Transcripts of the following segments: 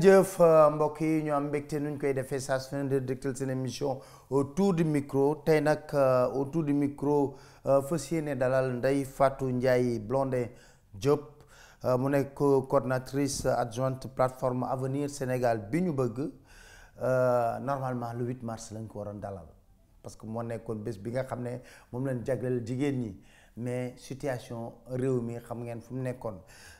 Jeuf uh, mbok yi ñu am mbégte nuñ koy défé sa su de dëkkal émission autour du micro tay nak uh, autour du micro uh, fas yéene dalal Ndeye Fatou Ndiaye Blondin Job. mu nekk coordonnatrice adjointe plateforme Avenir Sénégal bi ñu bëgg normalement le 8 mars lañ ko waroon dalal parce que moo nekkoon bés bi nga xamné ne moom lañ jagleel jigéen ñi mais situation réew mi xam ngeen fu mu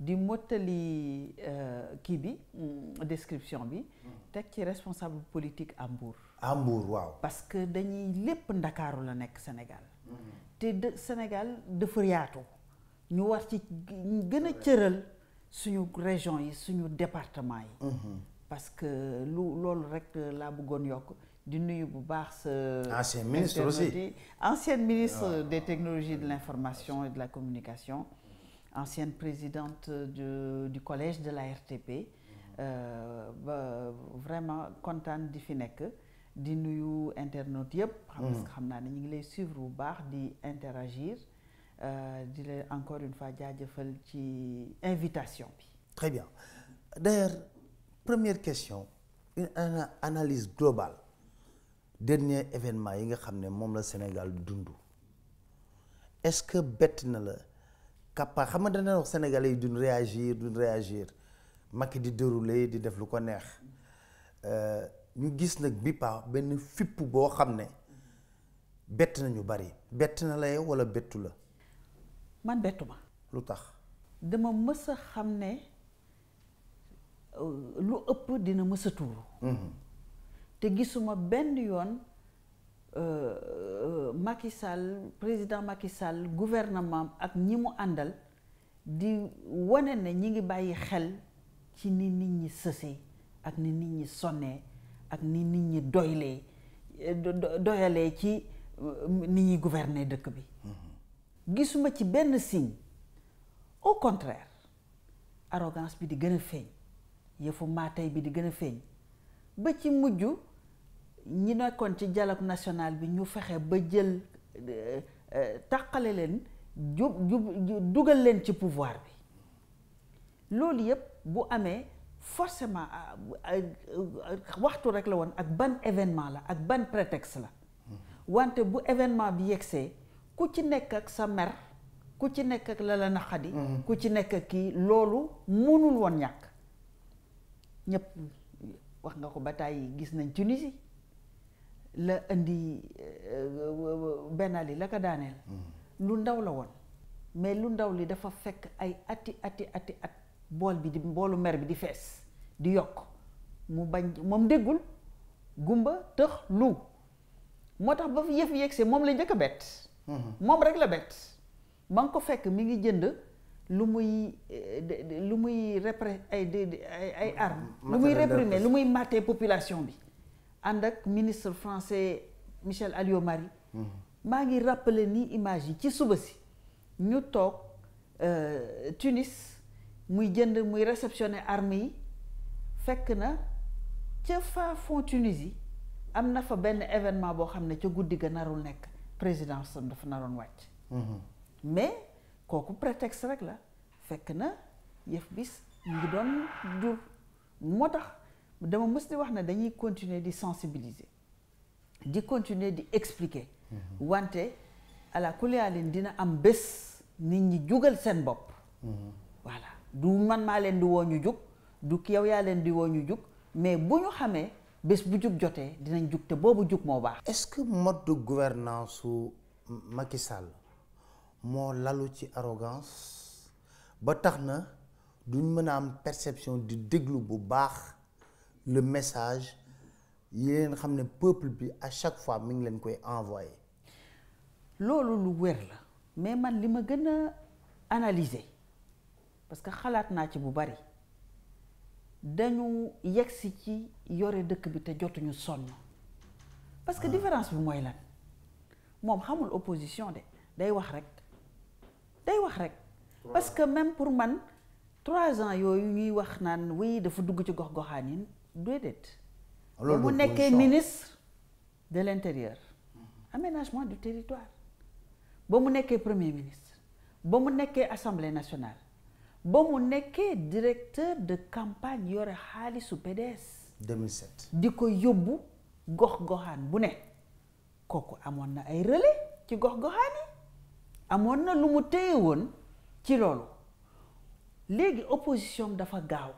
di mottali euh, kibi, mm. description bi mm. tek ci responsable politique à Hambourg. à waaw parce que dañuy lepp Dakar la nek Sénégal mm-hmm. té de Sénégal de yaatu ñu war ci gëna a cëral suñu région yi suñu département mm-hmm. parce que lu lool rek euh, la bëggoon yok di nuyu bu baax ce euh, ancien ministre aussi Ancien ministre ah. des technologies de ah. l'information et de la communication ancienne présidente du, collège de la RTP. Euh, vraiment contente de finir. que nous nuyu internautes yëpp. parce que mm. nous ngi suivre bu interagir euh, encore une fois jaajëfal ci invitation très bien d'ailleurs première question une analyse globale dernier événement yi nga a le Sénégal est-ce que bett capable xam dana wax sénégalais yi duñ réagir duñ réagir Macky di dérouler di def lu ko neex euh ñu gis nak bi pa benn fipp boo xam ne nañu bari bet na la wala bettu la man bettu ma lu dama mësa xamné xam euh, lu ëpp dina mësa tour tuuru mhm. te gisuma ben yoon Euh, euh, Macky Sall président Macky Sall gouvernement ak ñi mu àndal di wane ne ñi ngi bàyyi xel ci ni nit ñi sësee ak ni nit ñi sonnee ak ni nit ñi doylee doyalee ci euh, ni ñuy gouverner dëkk bi mm-hmm. gisuma ci benn signe au contraire arrogance bi di gën a feeñ yëfu maatay bi di gën a feeñ ba ci mujj ñi nekkoon ci dialogue national bi ñu fexe ba jël euh, euh, taqale leen jub dugal leen ci pouvoir bi loolu yëpp bu amee forcement euh, waxtu rek la woon ak ban événement la ak ban prétexte la wante bu événement bi yegsee ku ci nekk ak sa mer ku ci nekk ak la la naqadi mm-hmm. ku ci nekk ak kii loolu mënul woon ñàkk ñëpp wax nga ko ba tàyyi gis nañ Tunisie Le indi eh, Ben Ali la mm. lu ndaw la mais lu ndaw li dafa fekk ay ati ati at bi di mer bi di fess di gumba lu mm-hmm. rek la mi ngi jënd lu muy eh, lu muy ay ay arme lu muy lu muy population bi ànd ministre français Michel Alliot-Marie mhm. maa rappeler ni image yi ci suba si ñu toog euh, Tunis muy jënd muy réceptionner armes yi fekk na ca fa fond Tunisie am na fa benn événement boo xam ne ca guddi ga narul nekk présidence sam dafa naroon wàcc mhm. mais kooku prétexte rek la fekk na yëf bis ngi doon jur moo tax dama mës di wax ne dañuy continuer di sensibiliser di continuer di expliquer mhm. wante ala kuliyaalin dina am bés nit ñi jugal sen bopp mhm. voilà du man maa leen di woo jug du kiyaw ya leen di woo ñu jug mais buñu xamé xamee bu jug jotee dinañ jug té bobu jug mo baax est-ce que mode de gouvernance Macky Sall mo lalu ci arrogance ba taxna duñ mëna am perception du déglu bu baax le message que est peuple à chaque fois mi ngi envoyé. que lu veux mais man analyser parce que je ci bu bari dañu ci y parce que la ah. différence c'est que lan opposition de day wax parce que même pour moi, trois ans il ñuy wax eu oui dafa dugg déedéet loolu bu nekkee ministre de l'Intérieur, aménagement du territoire ba mu nekkee premier ministre ba mu nekkee assemblée nationale ba mu nekkee directeur de campagne yore xaalisu PDS 2007 di ko yóbbu gox-goxaan bu ne kooku amoon na ay relais ci gox-goxaan yi amoon na lu mu téye ci loolu léegi opposition dafa gaaw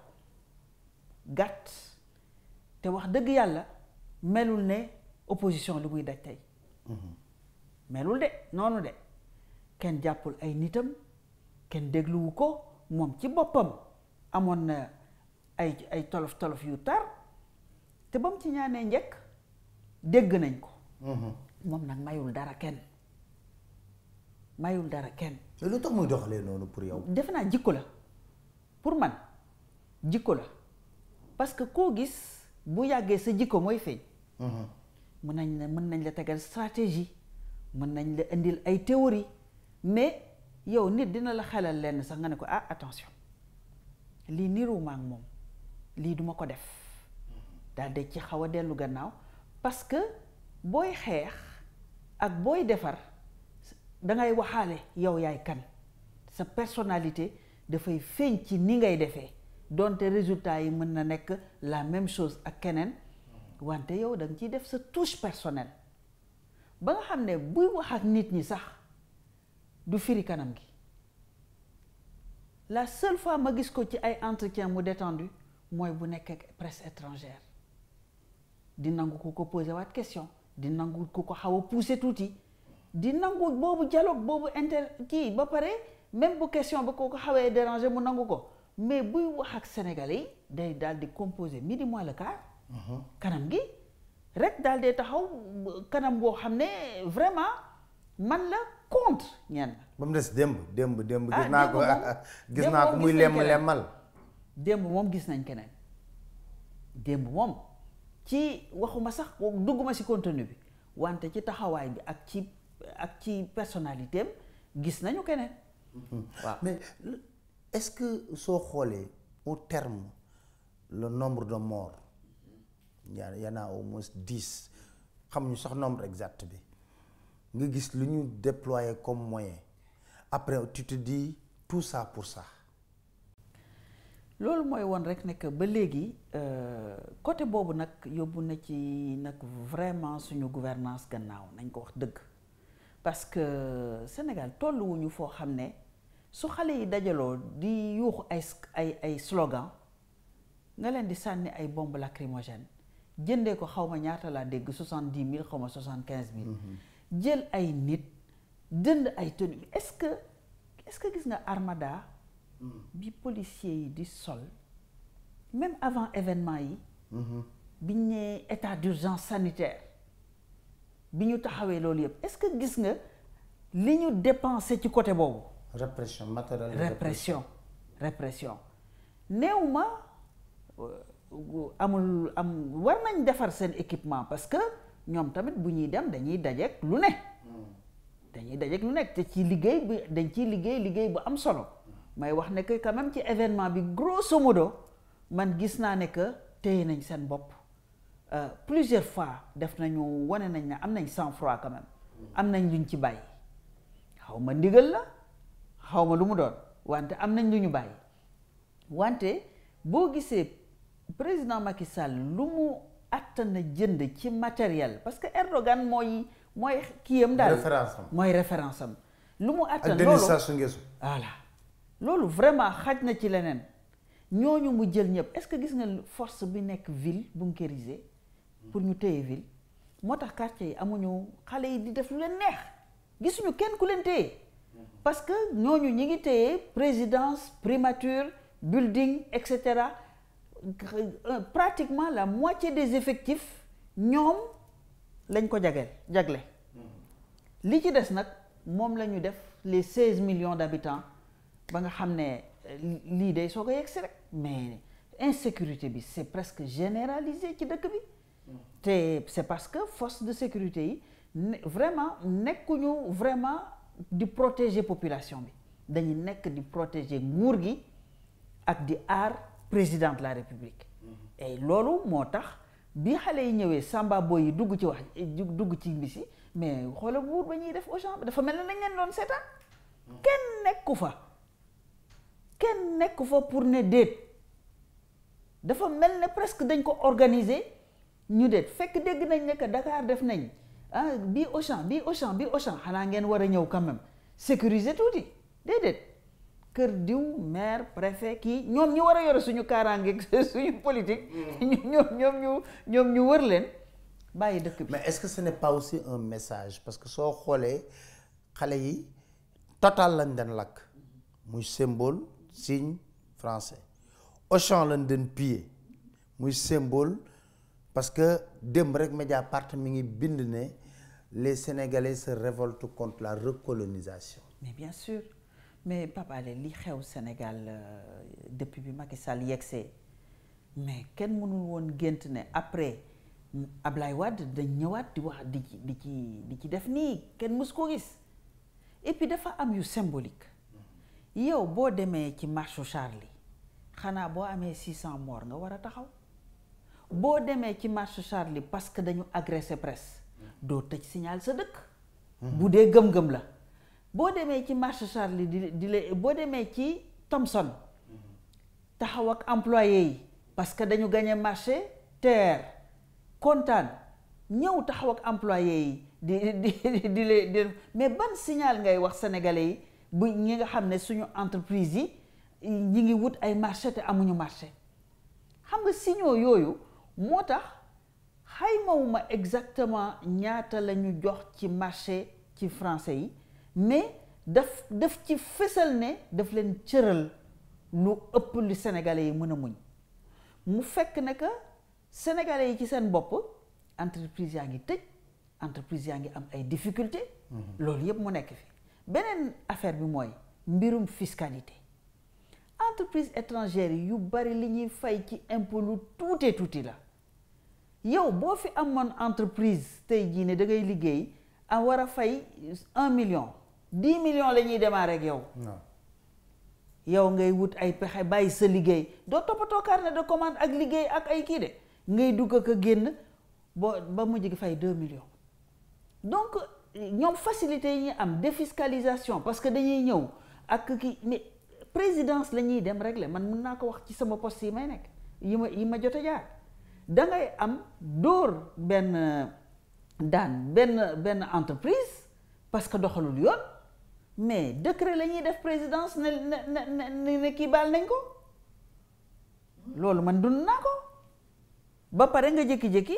te wax deug yalla melul né opposition lu muy daj tey mhm. melul dé noonu dé ken jàppul ay nitam ken dégluwu ko mom ci bopam amoon na ay ay tolof tolof yu tar te bam ci ñaanee ñek dégg nañ ko mom mhm. nak mayul dara ken mayul dara ken lu tax moy doxalé noonu pour yow def na jikko la pour man jikko parce que ko gis bu yàggee sa jikko mooy feeñ mhm. mën nañ la mën nañ la tegal stratégie mën nañ la indil ay théorie mais yow nit dina la xelal lenn sax nga ne ko ah attention lii niruwuma moom lii duma ko def mhm. daal ci xaw a dellu gannaaw parce que booy xeex ak booy defar dangay waxaale yow yaay kan sa personnalité dafay feeñ ci ni ngay defee dont résultat yi mën na nekk la même chose ak Kenen, wante yow dang ci def sa touche personnelle ba nga xamné buy wax ak nit ñi sax du firi kanam gi la seule fois ma gis ko ci ay entretien mu détendu moy bu nek ak presse étrangère di nangu ko ko poser waat question di nangu ko ko a touti di nangu bobu dialogue bobu inter qui, ba pare même bu question ba ko ko xawee dérangé mu nangu ko mais buy wax ak sénégalais day le quart. Uh-huh. kanam gi rek taxaw kanam bo vraiment man contre ñen bam dess des demb que ah, gis gis les muy lem demb mom gis nañ keneen demb mom ci waxuma sax contenu bi wante ci taxaway bi ak ci ak ci personnalité gis nañu keneen. Mm-hmm. waaw est-ce que soo xoolee au terme le nombre de morts il y en a au moins dix xamuñu un nombre exact bi nga gis déployer comme moyen après tu te dis tout ça pour ça. loolu je woon rek ne que ba léegi euh, côté boobu nag yóbbu ci vraiment suñu gouvernance gannaaw nañ ko wax parce que Sénégal tolluwuñu foo xam ne su xale yi dajaloo di yuuxu ay ay ay slogan nga leen di sànni ay bombe lacrymogène jëndee ko xaw ma ñaata laa dégg soixante dix mille xaw ma soixante mille. Mhm. jël ay nit dënd ay tenu est-ce que est-ce que gis nga armada mhm. bi policier yi di sol même avant événement yi. Mhm. bi ñu nee état d'urgence sanitaire bi ñu taxawee loolu yëpp est-ce que gis nga li ñu dépensé ci côté boobu. Répression, matérielle. Répression. Répression. Néanmoins, euh, amul am war équipement parce que ñom tamit buñuy dem dañuy lu né dañuy dajek lu né ci liggéey dañ am solo. que quand même événement bi grosso modo man gis que euh, plusieurs fois def nañu woné nañ am sang-froid quand même. am nañ luñ ci la. xaw ma lu mu doon wante am nañ lu ñu bàyyi wante boo gisee président Macky Sall lu mu attan a jënd ci matériel parce que Erdogan mooy mooy kii kiyam daal mooy référence am lu mu attan loolu voilà loolu vraiment xaj na ci leneen ñoo ñu mu jël ñëpp est-ce que gis nga force bi nekk ville bunkérisée pour ñu téye ville moo tax quartier yi amuñu xale yi di def lu leen neex gisuñu kenn ku leen téye parce que nous ñi ngi présidence primature building etc. Euh, pratiquement la moitié des effectifs nous lañ ko jageel jagle li ci des c'est que nous les 16 millions d'habitants ba nga l'idée, ne euh, lii day mais l'insécurité, c'est presque généralisé ci le c'est parce que force de sécurité vraiment vraiment pas vraiment de protéger population bi protéger Mourgi et ak président de la république mhm. et lolo motax bi xale yi samba boy yi dugg ci wax dugg ci mais xoolal def au champ dafa melni ne leen doon mhm. kenn nekku fa kenn nekku fa pour ne dafa presque dañ ko organiser ñu que Dakar def nañ ah bii Auchan bi Auchan bi Auchan xanaa ngeen war a ñëw quand même sécuriser tout tuuti déedéet kër diw maire préfet kii ñoom ñu war a yore suñu kaaraangeeg suñu politique. Mm. ñoom ñoom ñu ñoom ñu wër leen bàyyi dëkk bi. mais est-ce que ce n'est pas aussi un message parce que soo xoolee xale yi total lañ den lakk muy symbole signe français Auchan lañ den piller muy symbole parce que démb rek part mi ngi bind ne les Sénégalais se révoltent contre la recolonisation. Mais bien sûr. Mais papa, li au Sénégal euh, depuis bi Macky Sall mais mënul nous ne après Ablaye wad de ñëwaat di di di qui di ci def qui et puis dafa am yu symbolique yow mecs qui ci marche Charlie Xana bo qui 600 morts nga taxaw qui ci Charlie parce que dañu agressé presse doo tëj signal sa dëkk hmm. bu dee gëm-gëm la boo demee ci marché Charlie di di la boo demee ci Thomson hmm. taxaw ak employé yi parce que dañu gagné marché terre kontaan ñëw taxaw ak employé yi di di di di mais ban signal ngay wax sénégalais yi bu ñi nga xam ne suñu entreprise yi ñi ngi wut ay marché te amuñu marché xam nga signaux yooyu moo tax xaymawuma exactement ñaata lañu jox ci marché ci français yi mais daf daf ci fessel ne daf leen cëral lu ëpp lu sénégalais yi mën a muñ mu fekk ne que sénégalais yi ci seen bopp entreprise yaa ngi tëj entreprise yaa ngi am ay difficultés mhm. loolu yëpp mu nekk fi beneen affaire bi mooy mbirum fiscalité entreprise étrangère yu bari li ñuy fay ci impôt lu tuutee tuuti la yow boo fi amoon entreprise tey jii ne da ngay liggéey a war a fay un million dix millions la ñuy démarrer ak yow. yow ngay wut ay pexe bàyyi sa liggéey doo toppatoo carnet de commande ak liggéey ak ay kii de ngay dugg ak a génn ba ba mujj gi fay deux millions. donc ñoom facilité yi ñu am défiscalisation parce que dañuy ñëw ak kii mais présidence la ñuy dem régler man mën naa ko wax ci sama poste yi may nekk yi ma yi ma jot a jaar. da am dóor benn euh, daan benn benn entreprise parce que doxalul yoon mais décret la ñuy def présidence ne ne ne kii baal nañ ko loolu man dund naa ko ba pare nga jékki-jékki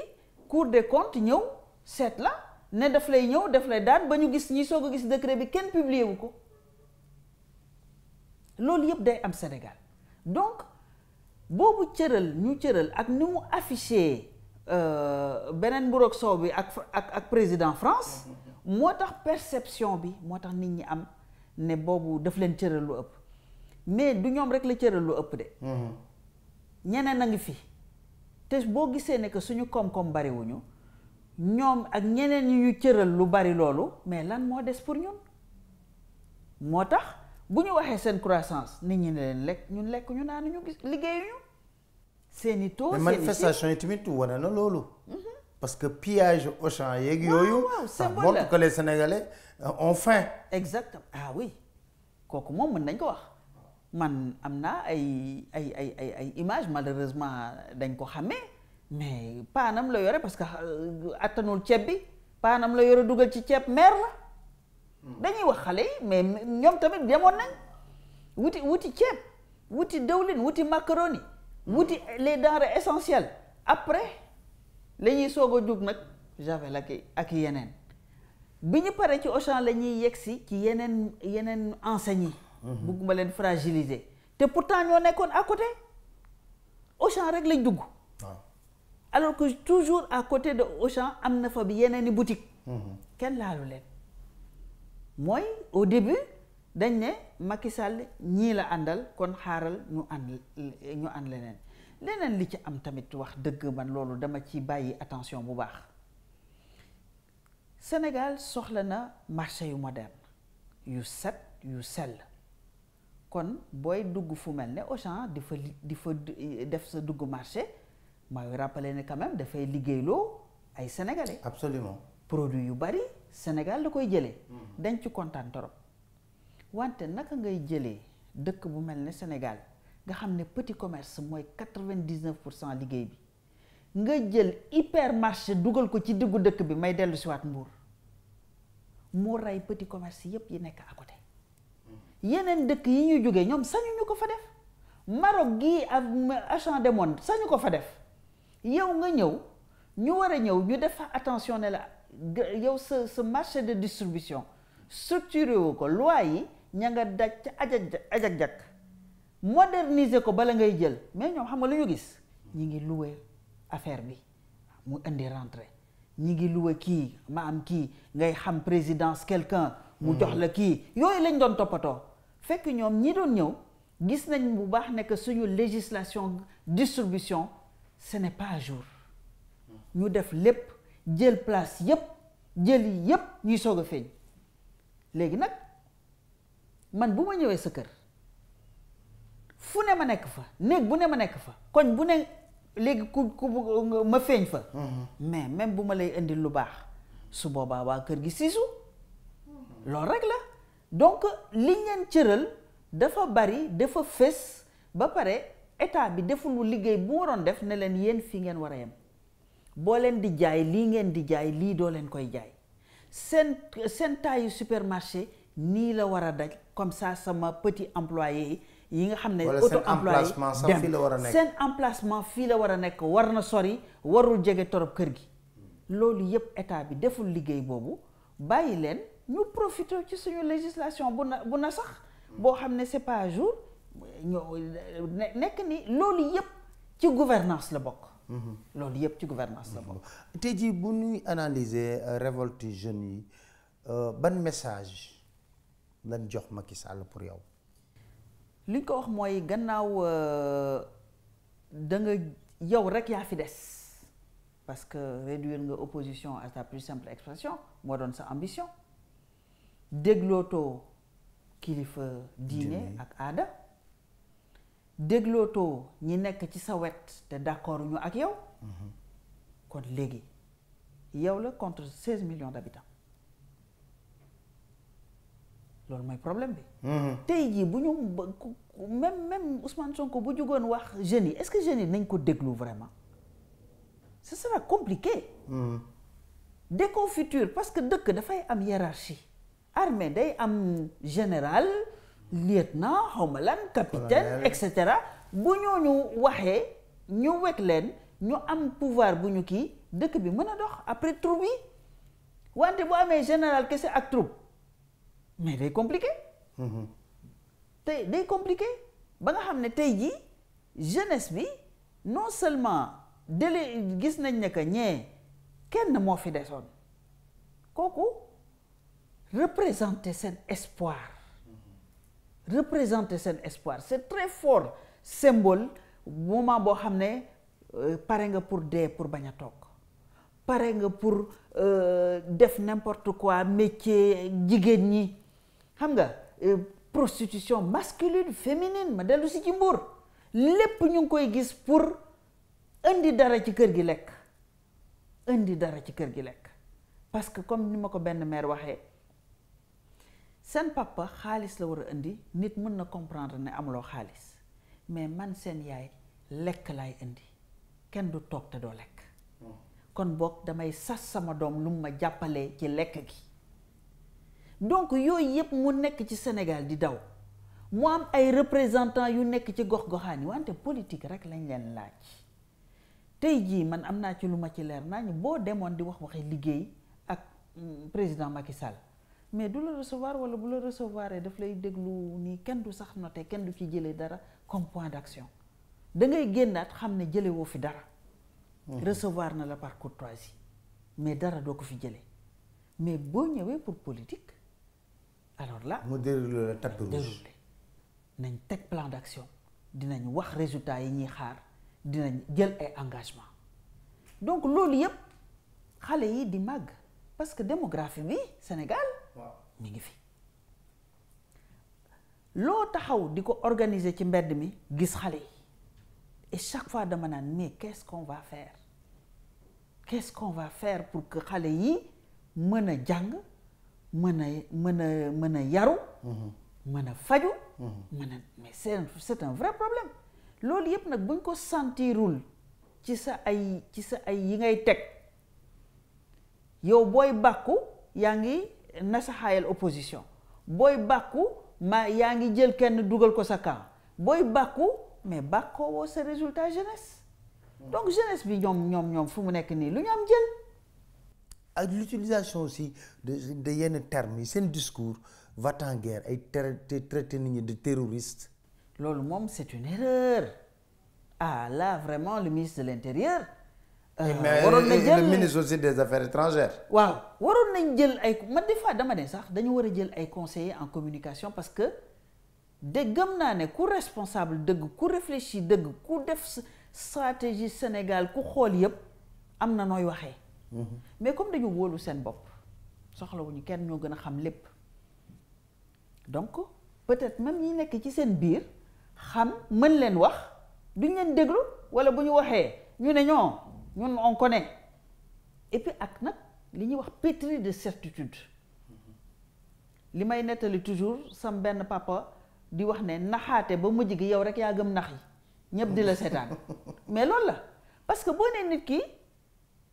cour des comptes ñëw seet la ne daf lay ñëw daf lay daan ba ñu gis ñi soog a gis décret bi kenn publier wu ko loolu yëpp day am Sénégal boobu cëral ñu cëral ak ni mu affiché euh, beneen mburoog soow bi ak ak ak président France moo tax perception bi moo tax nit ñi am ne boobu daf leen cëral lu ëpp mais du ñoom rek la cëral lu ëpp de mm-hmm. ñeneen a ngi fi te boo gisee ne que suñu koom-koom bariwuñu ñoom ak ñeneen ñi ñu cëral lu bari loolu mais lan moo des pour ñun moo tax bu ñu waxee seen croissance nit ñi ne leen lekk ñun lekk ñu naan ñu liggéeyuñu ni taux seeni manifestation yi tamit wane non loolu. Mhm. parce que pillage Auchan yeeg yooyu. ça montre que les Sénégalais euh, ont faim. exactement ah oui Quoi moom mën nañ ko wax man amna ay ay ay ay ay image malheureusement dañ ko xamé mais panam la yoré parce que euh, attanul tiep bi panam la yoré dugal ci tiep mer la. dañuy wax xalé mais ñom tamit demone nañ wuti wuti tiep wuti dëwlin wuti macaroni wuti les denrées essentielles après la ñuy soog a jóg nag javel ak ak yeneen bi ñu paree ci Auchan la ñuy yegg ci yeneen yeneen enseigne yi mhm. bugguma leen fragiliser te pourtant ñoo nekkoon à côté Auchan rek lañ dugg alors que toujours à côté de Auchan am na fa bi yeneen i boutique mhm. kenn laalu leen mooy au début dañ ne Macky Sall ñii la àndal kon xaaral ñu and ñu and leneen leneen li ci am tamit wax dëgg man loolu dama ci bàyyi attention bu baax Sénégal soxla na marché yu moderne yu set yu sell kon booy dugg fu mel ne Auchan di fa di fa def sa dugg marché mooy rappeler ne quand même dafay liggéeyloo ay sénégalais. absolument produit yu bari Sénégal da koy jëlee. Hmm. dañ ci kontaan torop wante naka ngay jëlee dëkk bu mel ne Sénégal nga xam ne petit commerce mooy 99 vingt pour cent liggéey bi nga jël hypermarché dugal ko ci diggu dëkk bi may dellu siwaat Mbour mu rey petit commerce yépp yi nekk à côté yeneen dëkk yi ñu jógee ñoom sañuñu ko fa def Maroc gii ak de monde sañu ko fa def yow nga ñëw ñu war a ñëw ñu def attention ne la yow sa sa marché de distribution structuré wu ko loi yi moderniser ko bala ngay jël mais ñom xam nga lu ñu gis ñi ngi loué affaire bi mu indi ñi loué ma am ngay xam présidence quelqu'un mu hmm. jox la ki yoy lañ doon fekk ñi doon gis nañ que suñu législation distribution ce n'est pas à jour ñu def lépp jël place jël man bu ma sa kër fu ne ma nekk fa néeg bu ne ma nekk fa koñ bu ne ku ma mhm. mais même bu lay lu baax su donc li dafa bari dafa fés ba pare état bi deful liggéey bu waroon def ne leen di jaay lii di jaay leen koy jaay seen seen supermarché ni la wara daj comme ça sama petit employé yi nga xamné auto employé dem seen emplacement fi la wara nek warna sori warul jege torop kër gi loolu yépp état bi deful liggéey bobu bayi len ñu profité ci suñu législation bu na bu na sax bo xamné ne c'est pas à jour ñu nekk ni loolu yépp ci gouvernance la bok mhm. loolu yépp ci gouvernance la bokk mhm. tey bu ñuy analyser euh, révolte jeunes yi euh, ban message lan jox Macky Sall pour rek parce que réduire l'opposition à sa plus simple expression moo donne sa ambition déglootoo kilifa diine ak aada déglootoo ñi ci sa te d'accord ñu ak yow mhm. kon yow contre 16 millions d'habitants loolu mooy problème bi. Mhm. tey jii bu ñu même même Ousmane Sonko bu jugoon wax jeunes yi est-ce que jeunes yi nañ ko déglu vraiment ce sera compliqué. Mhm. déconfiture parce que dëkk dafay am hiérarchie armée day am général lieutenant xawma lan capitaine et cetera bu ñooñu waxee ñu weg leen ñu am pouvoir bu ñu kii dëkk bi mën a dox après troupe yi wante bu amee général kese ak troupe mais day compliqué. Mm-hmm. tey day compliqué ba nga xamné tay ji jeunesse bi non seulement de gis nañ ne que ñé kenn mo fi desoon kooku représenter son espoir. Mm-hmm. représenter son espoir c'est très fort symbole moment boo xam ne euh, nga pour dé pour baña tok paré nga pour euh, def n'importe quoi métier jigéen ñi. xam nga eh, prostitution masculine féminine ma dellu si ci mbuur lépp ñu koy gis pour indi dara ci kër gi lekk indi dara ci kër gi lekk parce que comme ni ma ko mère papa xaalis la war indi nit mën na comprendre ne amuloo xaalis mais man lek yaay endi, kendo indi kenn du toog te doo lekk oh. kon boog damay sas sama doom lu ma jàppalee ci lek gi donc yooyu yep mu nekk ci Sénégal di daw Mo am ay représentants yu nekk ci gox-goxaan yi wante politique rek lañ leen laaj tey jii man amna naa ci lu ma ci leer nañu boo demoon di wax waxi liggéey ak mm, président Macky Sall mais du la recevoir wala bu la recevoir daf lay déglu nii kenn du sax noté ken du ci jëlee dara comme point d'action da ngay génnaat xam ne jële woo fi dara mm-hmm. recevoir na la par courtoisie mais dara doo ko fi jële mais boo ñëwee pour politique alors là la déroulé le tapis rouge nañ teg plan d'action dinañ wax résultat yi nous xaar dinañ jël ay engagement donc loolu yëpp xale yi di mag. parce que démographie bi Sénégal mi ngi fi Lo taxaw diko organiser ci mbedd mi gis xalé yi et chaque fois dama naan mais qu'est-ce qu'on va faire qu'est-ce qu'on va faire pour que xalé yi meuna jang mën c'est un vrai problème loolu yëpp nag buñ ko sentirul ci sa ay ci sa ay yi ngay yow opposition Boy bàkku ma yaa ngi jël kenn dugal ko sa mais bàkkoo résultat jeunesse mhm. donc jeunesse bi ñoom ñoom fu mu lu ak l'utilisation aussi de de termes yi seen discours va en guerre ay traité nous de terroristes. c'est une erreur ah là vraiment le ministre de l'intérieur euh, eh Mais le ministre aussi des affaires étrangères waaw waroon nañ jël ay man des fois dama ne sax dañu war a jël ay conseillers en communication parce que de gëm naa ne ku responsable dëgg ku réfléchi dëgg ku def stratégie Sénégal ku xool yépp am mais comme dañu sen bop soxlawuñu kenn ñoo gëna xam donc peut-être même ñi nekk ci sen biir xam mën leen wax duñ leen déglu wala bu ñu ñu ne ñun on connaît et puis ak wax pétri de certitude li may nettali toujours sam benn papa di wax ne naxaate ba mujj yow rek yaa gëm nax yi la mais loolu la parce que boo nee nit ki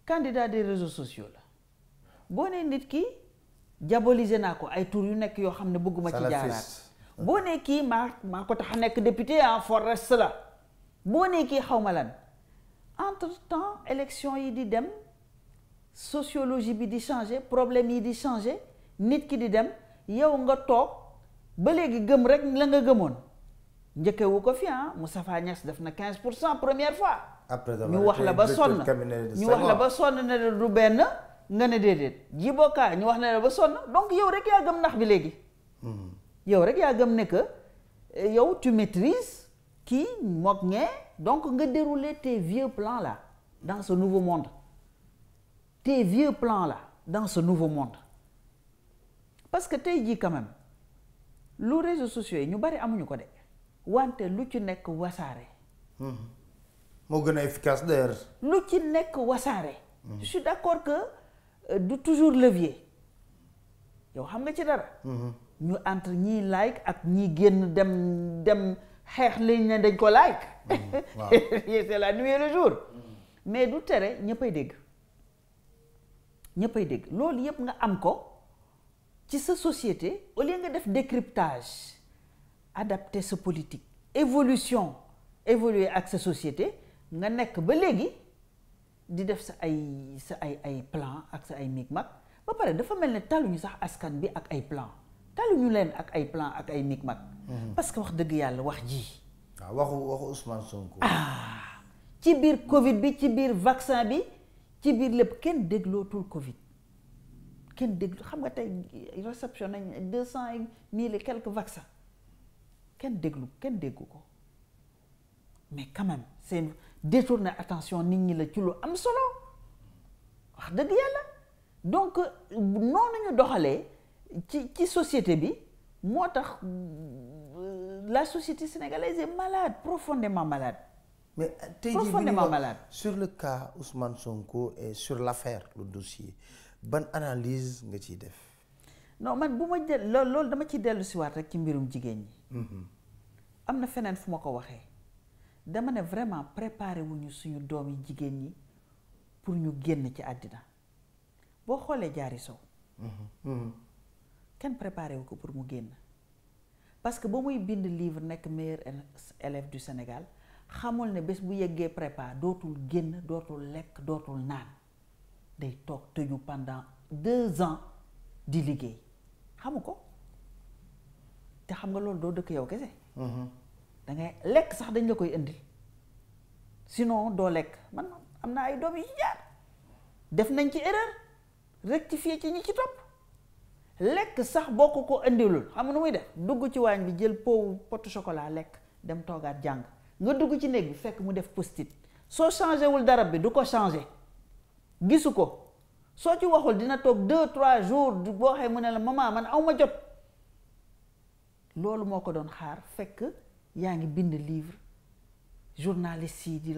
candidat des réseaux sociaux la boo nee nit ki diabolisé naa ko ay tour yu nek yo xam bëgguma ci jaaraat boo nee kii maa maa ko tax nek député en forest la boo nee kii xaw lan entre temps élection yi di dem sociologie bi di changer problème yi di changer nit ki di dem yow nga tok ba légui gëm rek la nga ñëkke wu ko fi ah Moustapha Niass def na 15 pour cent première fois ñu wax la ba sonn ñu wax la ba sonn ne la ne ñu wax ne ba sonn donc yow rek ya gëm nax bi léegi hmm. yow rek ya gëm ne que eh, yow tu maîtrises qui mook donc nga dérouler tes vieux plans là dans ce nouveau monde tes vieux plans là dans ce nouveau monde parce que tay dit quand même lu réseaux sociaux ñu bari amuñu ko dé wanté lu ci nekk wasaare hmm moo efficace d'ailleurs. lu ci nekk je suis d'accord que euh, de toujours levier yow xam nga ci dara. Mhm. ñu entre ñiy like ak ñi génn dem dem xex liñ ne dañ ko like. Mhm, waaw c'est la nuit et le jour. mais du tere ñëppay dégg ñëppay dégg loolu yëpp nga am ko ci sa société au lieu nga def décryptage adapter sa politique évolution évoluer ak sa société nga nekk ba léegi di def sa ay sa ay ay plan ak sa ay ba pare dafa ne taluñu sax askan bi ak ay plan taluñu ak plan mhm. parce que wax wax ji ah, waxu Sonko ah, ci covid bi ci vaccin bi ci covid kenn déglu xam nga tey réception nañ deux mille et quelques vaccins kenn déglu kenn mais quand même détourner attention nit ñi la ci lu am solo wax dëgg yàlla donc noonu ñu doxalee ci ci société bi moo tax euh, la société sénégalaise est malade profondément malade. mais euh, tey profondément malade sur le cas Ousmane Sonko et sur l'affaire le dossier ban analyse nga ciy def. non man bu ma jël loolu dama ci dellu siwaat rek ci mbirum jigéen ñi. Mm-hmm. am na feneen fu ma ko waxee dama ne vraiment préparé wuñu suñu doom yi jigéen ñi pour ñu génn ci àddina boo xoolee jaari sow mm-hmm. Mm-hmm. kenn préparé wu ko pour mu génn parce que ba muy bind livre nekk meilleur élève du Sénégal xamul ne bés bu yeggee prépa dootul génn dootul lekk dootul naan day toog tëju pendant deux ans di liggéey xamu ko te xam nga loolu doo dëkk yow kese mm-hmm. da lekk sax dañ la koy indil sinon doo lekk man am naa ay doom yu ci jaar def nañ ci erreur rectifier ci ñi ci topp lekk sax boo ko ko indilul xam nu muy def dugg ci waañ bi jël powu pot chocolat lekk dem toogaat jàng nga dugg ci néeg bi fekk mu def post soo changé wul dara bi du ko changé gisu ko soo ci waxul dina toog deux trois jours boo xee mu ne la moment man aw ma jot loolu moo ko doon xaar fekk yaa ngi bind livre journaliste yi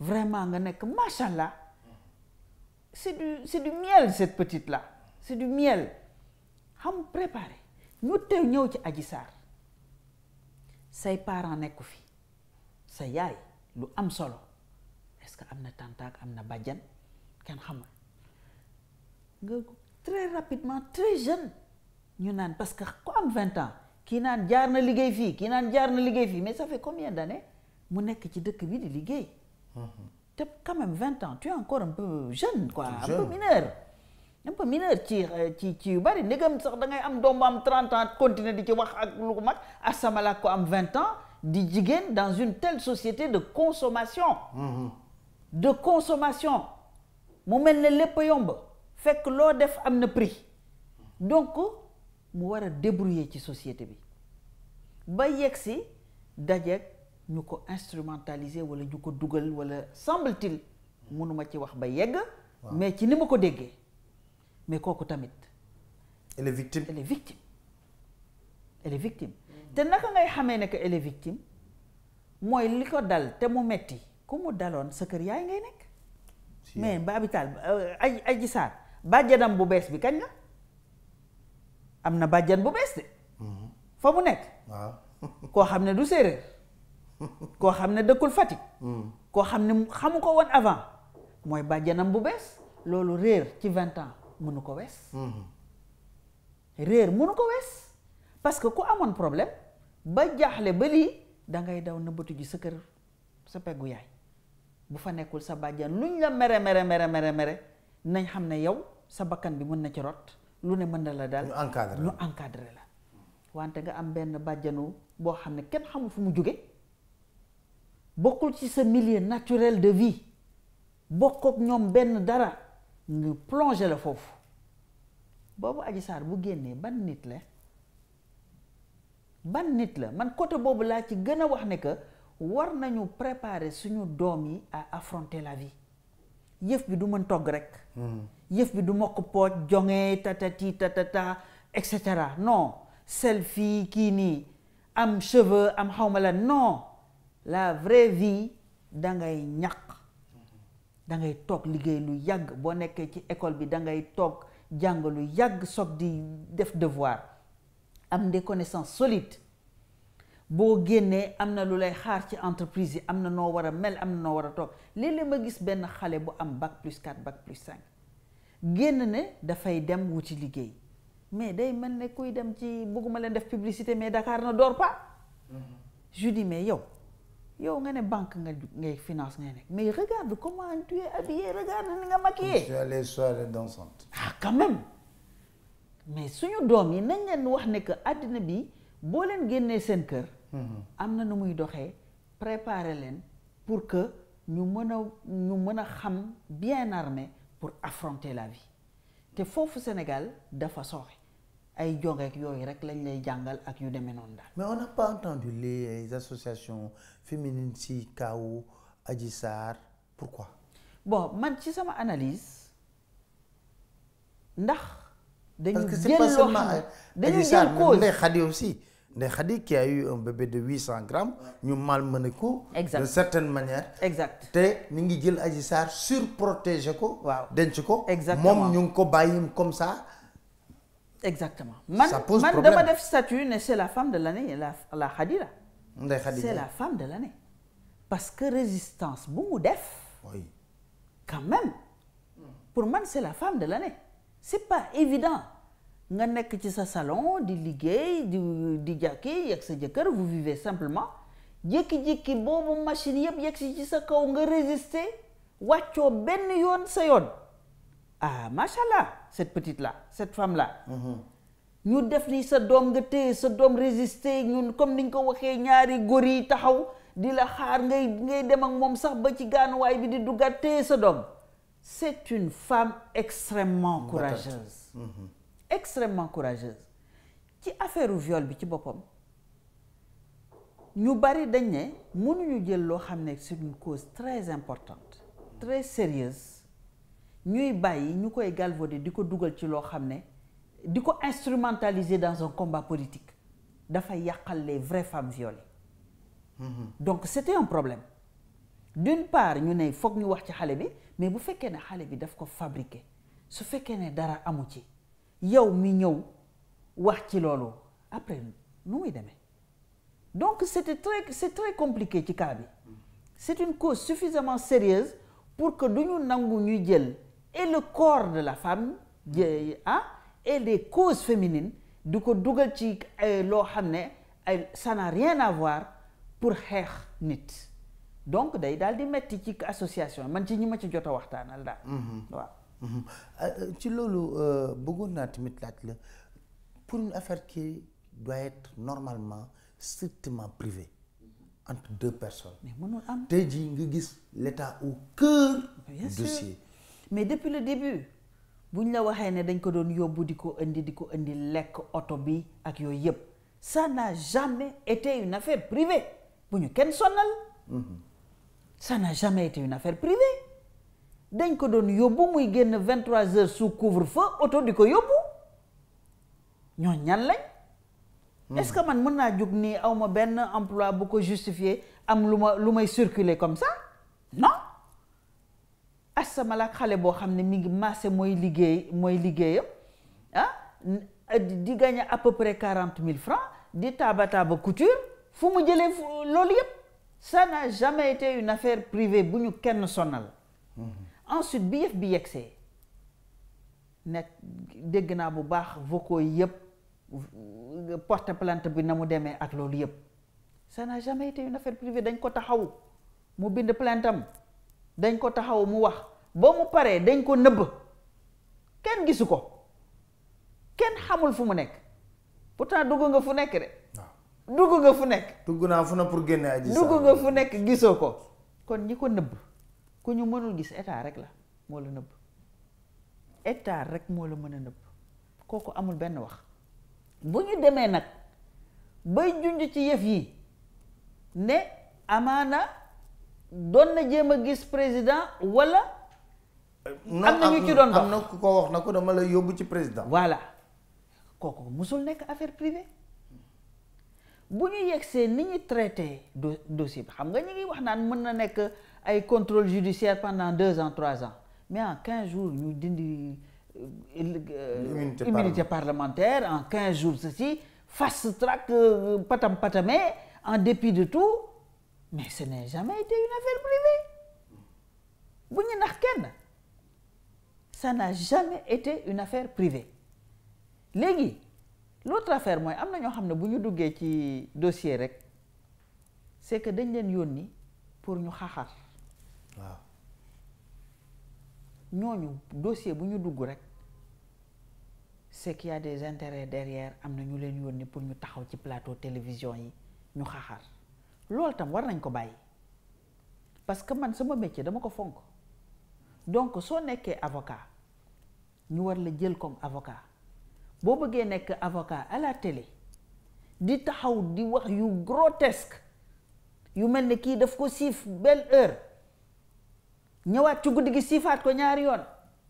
vraiment nga nekk machallah c'est du du miel cette petite là c'est du miel xam préparé ñu teew ñëw ci Adji Sarr say parents nekku fi sa yaay lu am solo est-ce que am na tantaak am na très rapidement très jeune ñu parce que ku 20 20 ans qui nan jaar na pas de vie, qui jaar na de mais ça fait combien d'années mu nek ci deuk bi di Tu mhm. te quand même 20 ans tu es encore un peu jeune quoi un peu mineur un peu mineur ci euh, ci ci yu bari negam sax da ngay am doom am ans continuer di ci wax ak lu ko asama la ko am 20 ans di jigen dans une telle société de consommation mhm. de consommation mu melne ne yomb fek lo def am na prix donc mu war a débrouiller ci société bi ba yegg si dajeeg ñu ko instrumentaliser wala ñu ko dugal wala semble t mënuma ci wax ba yegg mais ci ni ma ko déggee mais kooku tamit elle est victime elle est victime te naka ngay xamee ne que elle mooy li ko dal te mu metti ku mu daloon sa kër yaay ngay nekk mais ba hôpital euh, Adji Sarr bàjjanam bu bees bi kañ la am na bàjjan bu bees de. Mm-hmm. fa mu nekk. waaw koo xam ne du séeréer. koo xam ne dëkkul Fatick. Mm. koo xam ne xamu ko woon avant mooy bàjjanam bu bees loolu réer ci 20 ans mënu ko wees. Mm-hmm. réer mënu ko wees parce que ku amoon problème ba jaaxle ba lii da ngay daw nëbbatu ji sa kër sa peggu yaay bu fa nekkul sa bàjjan luñ la mere mere mere mere mere nañ xam ne yow sa bakkan bi mën na ci rot. lu ne mën na la daal ñu encadré ñu la wante nga am benn bàjjanu boo xam ne kenn xamul fu mu jóge bokkul ci sa milieu naturel de vie bokk ak ñoom benn dara ñu plongé la foofu boobu Adji Sarr bu génnee ban nit la ban nit la man côté boobu laa ci gën a wax ne que war nañu préparer suñu doom yi à affronter la vie yëf bi du mën togg rek hmm. yef bi du mokk pooj jonge tatati tatata et cetera non selfie kii nii am cheveux am xawma la non la vraie vie da ngay ñaq da ngay toog liggéey lu yàgg boo nekkee ci école bi da ngay toog jàng lu yàgg soog di def devoir am des connaissances solides boo génnee am na lu lay xaar ci entreprise yi am na noo war a mel am na noo war a toog léeg-léeg ma gis benn xale bu am bac plus 4 bac plus 5 génn ne dafay dem wuti liggéey mais day mel ne kuy dem ci bëgguma leen def publicité mais Dakar na dort pas mm-hmm. je dis mais yow yow nga ne banque nga ngay finance ngay nekk mais regarde comment tu es habillé regarde ni nga maquillé. tu as les soirées dansante. ah quand même mais suñu doom yi nañ leen wax ne que àddina bi boo leen génnee seen kër. Mm-hmm. am na nu muy doxee préparer leen pour que ñu mën a ñu mën a xam bien armé pour affronter la vie te fofu Sénégal dafa sooxe ay jongeek yoy rek lañ lay jangal ak yu démé non daal. mais on n'a pas entendu les associations féminines ci Kaawu Adissar pourquoi. bon man ci sama analyse ndax. dañu parce que c'est pas seulement Adji mais Khady aussi. Khadi qui a eu un bébé de 800 grammes, nous mal malmené de certaine manière. Exact. Té ni ngi jël Adji Sarr surprotéger ko, denc ko. comme ça. Exactement. Man, man dama def c'est la femme de l'année la la Khadi C'est la femme de l'année. Parce que résistance bu def. Oui. Quand même. Pour moi c'est la femme de l'année. Ce n'est pas évident nga nek ci sa salon di di di sa jeuker vous vivez simplement bobu machine yeb ci sa kaw nga résister waccio ben yoon sa yoon ah cette petite là cette femme là. Mm-hmm. ñu def ni sa dom nga sa dom résister ñun comme niñ ko waxé ñaari gori taxaw di la xaar ngay ngay dem ak sax ba ci bi di sa c'est une femme extrêmement courageuse. Mm-hmm extrêmement courageuse Qui a fait bi ci ñu une cause très importante très sérieuse Nous avons nous dans un combat politique Nous avons les vraies femmes violées mm-hmm. donc c'était un problème d'une part nous avons fait ñu wax mais bu ne nous bi daf ko fabriquer yow mi ñëw wax ci loolu après nu muy demee donc c'était très c'est très compliqué ci cas bi c'est une cause suffisamment sérieuse pour que du ñu nangu ñuy jël et le corps de la femme ah et les causes féminines du ko dugal ci euh, loo xam ne ay ça n'a rien à voir pour xeex nit donc day daal di metti ci association man ci ñi ma ci jot a waxtaanal daal mm-hmm. waaw tu euh, euh, loolu euh, bëggoon naa tamit pour une affaire qui doit être normalement strictement privée entre deux personnes. mais mënul am tey jii nga l'état au cœur du dossier. mais depuis le début bu ñu la waxee ne dañ ko doon yóbbu di ko indi di bi ak ça n'a jamais été une affaire privée bu ñu kenn que mhm. ça n'a jamais été une affaire privée dañ ko doon yóbbu muy génn 23 heures sous couvre-feu oto di ko yóbbu ñoo ñan lañ. Hmm. est-ce que man mën naa jóg nii aw ma benn emploi bu ko justifier am lu ma lu may circuler comme ça non asamalaak xale boo xam ne mi ngi maase mooy liggéey mooy liggéeyam ah di gagner à peu près quarante mille francs di taaba taaba couture fu mu jëlee loolu yépp ça n'a jamais été une affaire privée bu ñu kenn sonal. Hmm ensuite bi yëf bi yegsee porte plante bi na mu ak loolu ça n'a jamais été une affaire privée dañ ko taxaw mu bind plainte am dañ ko taxaw mu wax ba mu paree dañ ko nëbb kenn gisu ko kenn xamul fu mu pourtant dugg nga fu nekk nga fu nekk dugg fu ne pour génne aji dugg nga fu nekk ko kon ñi ko ku ñu mënul gis état rek la moo la nëbb état rek moo la mën a nëbb kooku amul benn wax bu ñu demee nag bay junj ci yëf yi ne amaana doon na jéem a gis président walla am na ñu ci doon dox am na ko wax na ko yóbbu ci président. voilà kooku musul nekk affaire privée bu ñu yegsee ni ñu traité dossier bi xam nga ñu ngi wax naan mën na nekk. ay contrôle judiciaire pendant deux ans trois ans mais en 15 jours nous dindi euh, l'immunité euh, parlementaire en 15 jours ceci face track euh, patam patamé en dépit de tout mais ce n'est jamais été une affaire privée Vous ne ça n'a jamais été une affaire privée l'autre affaire moi, je sais que ne dossier c'est que nous leen pour nous xaxar waaw ñooñu dossier bu ñu dugg rek c'est qu'il y a des intérêts derrière am na ñu leen yónni pour ñu taxaw ci plateau télévision yi ñu xaxar loolu tam war nañ ko bàyyi parce que man sama métier dama ko fonk donc soo nekkee avocat ñu war la jël comme avocat boo bëggee nekk avocat à la télé di taxaw di wax yu grotesque yu mel ne kii daf ko siif belle heure ñëwaat ci guddi gi siifaat ko ñaari yoon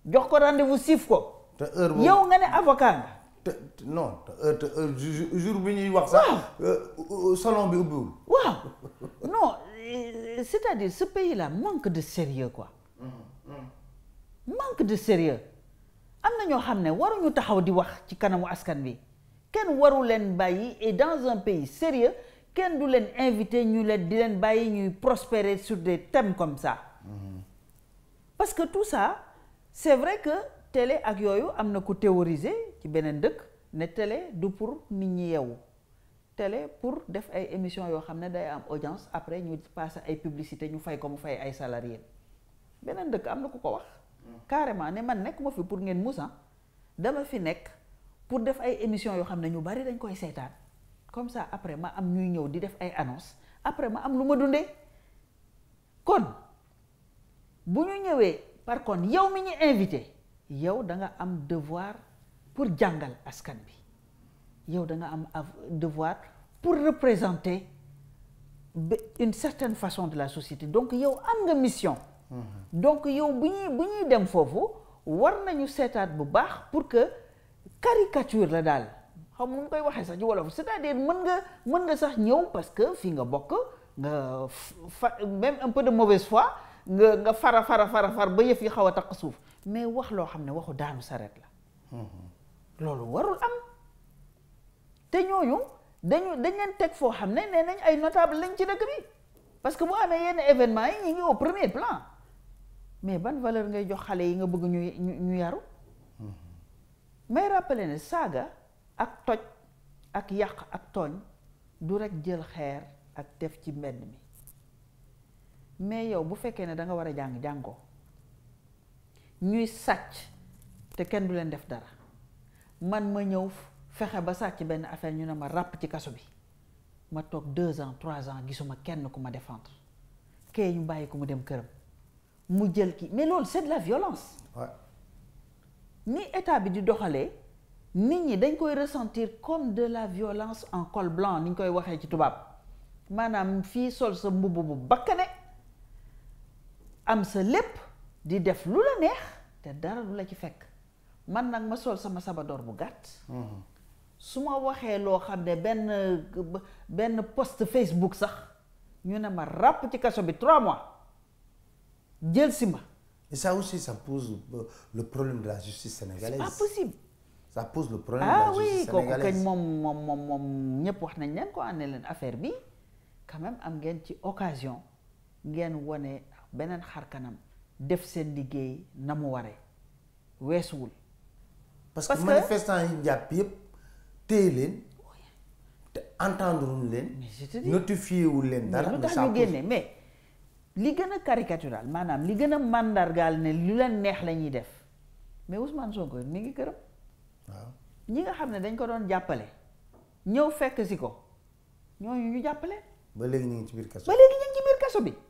jox ko rendez-vous siif ko. te heure boobu yow nga ne avocat nga. te non te heure heure jour bi ñuy wax sax. Euh, euh, salon bi ubbiwul. waaw non euh, c'est-à-dire ce pays-là manque de sérieux quoi. Mm, mm. manque de sérieux am na ñoo xam ne waruñu taxaw di wax ci kanamu askan bi kenn waru leen bàyyi et dans un pays sérieux kenn du leen invité ñu leen di leen bàyyi ñuy prospérer sur des thèmes comme ça. -hmm parce que tout ça c'est vrai que télé ak yooyu amna ko théoriser ci benen deuk ne télé du pour nit ñi yeewu télé pour def ay émission yo xam day am audience après ñu passé ay publicité ñu fay comme fay ay salarié benen deuk amna ko ko wax carrément ne man nek ma fi pour ngeen moussa ah. dama fi nek pour def ay émission yo xam ñu bari dañ koy sétane comme ça après ma am ñuy ñëw di def ay annonce après ma am luma dundé kon bu ñu ñëwee par contre yow mi ñu invité yow da nga am devoir pour jàngal askan bi yow da nga am devoir pour représenter une certaine façon de la société donc yow am nga mission mhm. donc yow bu ñuy bu ñuy dem foofu war nañu seetaat bu baax pour que caricature la daal xam nu mu koy waxee sax ci wolof c'est-à-dire mën nga mën nga sax ñëw parce que fi nga bokk nga même un peu de mauvaise foi nga nga fara fara fara far ba yëf yi xaw a taq suuf mais wax loo xam ne waxu daanu saret la loolu warul am te ñooñu dañu dañ leen teg foo xam ne nee nañ ay notable lañ ci dëkk bi parce que bu amee yenn événement yi ñu ngi au premier plan mais ban valeur ngay jox xale yi nga bëgg ñu ñu yaru may rappeler ne saaga ak toj ak yàq ak tooñ du rek jël xeer ak def ci mbedd mi mais yow bu fekkee ne da nga war a jàng jàngoo ñuy sàcc te kenn du leen def dara man ma ñëw fexe ba sàcc benn affaire ñu ma ràpp ci ma deux ans trois ans gisuma kenn défendre ñu dem mu mais c'est de la violence. ni état bi di doxalee nit ñi dañ ressentir comme de la violence en col blanc ni koy waxee ci am sa lépp di def lu la neex te dara lu la ci fekk man nag ma sol sama sabadoor bu gàtt mhm. su ma waxee loo xam ne benn benn post Facebook sax ñu ne ma ràpp ci kaso bi trois mois jël si ma et ça aussi ça pose le problème de la justice sénégalaise c'est pas possible ça pose le problème de ah la justice sénégalaise ah oui kooku kañ moom moom moom moom ñëpp wax nañ leen quoi ànd leen affaire bi quand même am ngeen ci occasion ngeen wone beneen xar kanam def seen liggéey na mu waree weesuwul. parce que manifestant yi jàpp yëpp téye leen te entendre wuñ leen. notifié wul leen dara. lu tax ñu génne mais li gën a caricatural maanaam li gën a màndargaal ne lu leen neex la ñuy def mais Ousmane Sonko mi ngi këram. waaw ñi nga xam ne dañ ko doon jàppale ñëw fekk si ko ñooñu ñu jàppale. ba léegi ñu ngi ci biir kaso ba léegi ñu ngi ci biir kaso bi.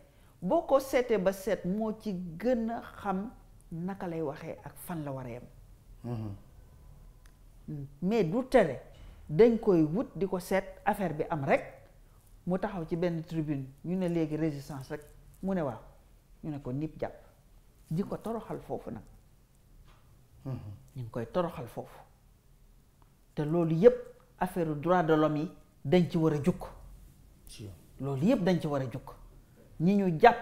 boo ko seetee ba seet moo ci gën a xam naka lay waxee ak fan la waree a yem mm-hmm. mais du tele dañ koy wut di ko seet affaire bi am rek mu taxaw ci benn tribune ñu ne léegi résistance rek mu ne waaw ñu ne ko nip jàpp di ko toroxal foofu nag ñu mm-hmm. ngi koy toroxal foofu te loolu yëpp affaire droit de l'homme yi dañ ci war a jukk loolu yëpp dañ ci war a jukk ñi ñu jàpp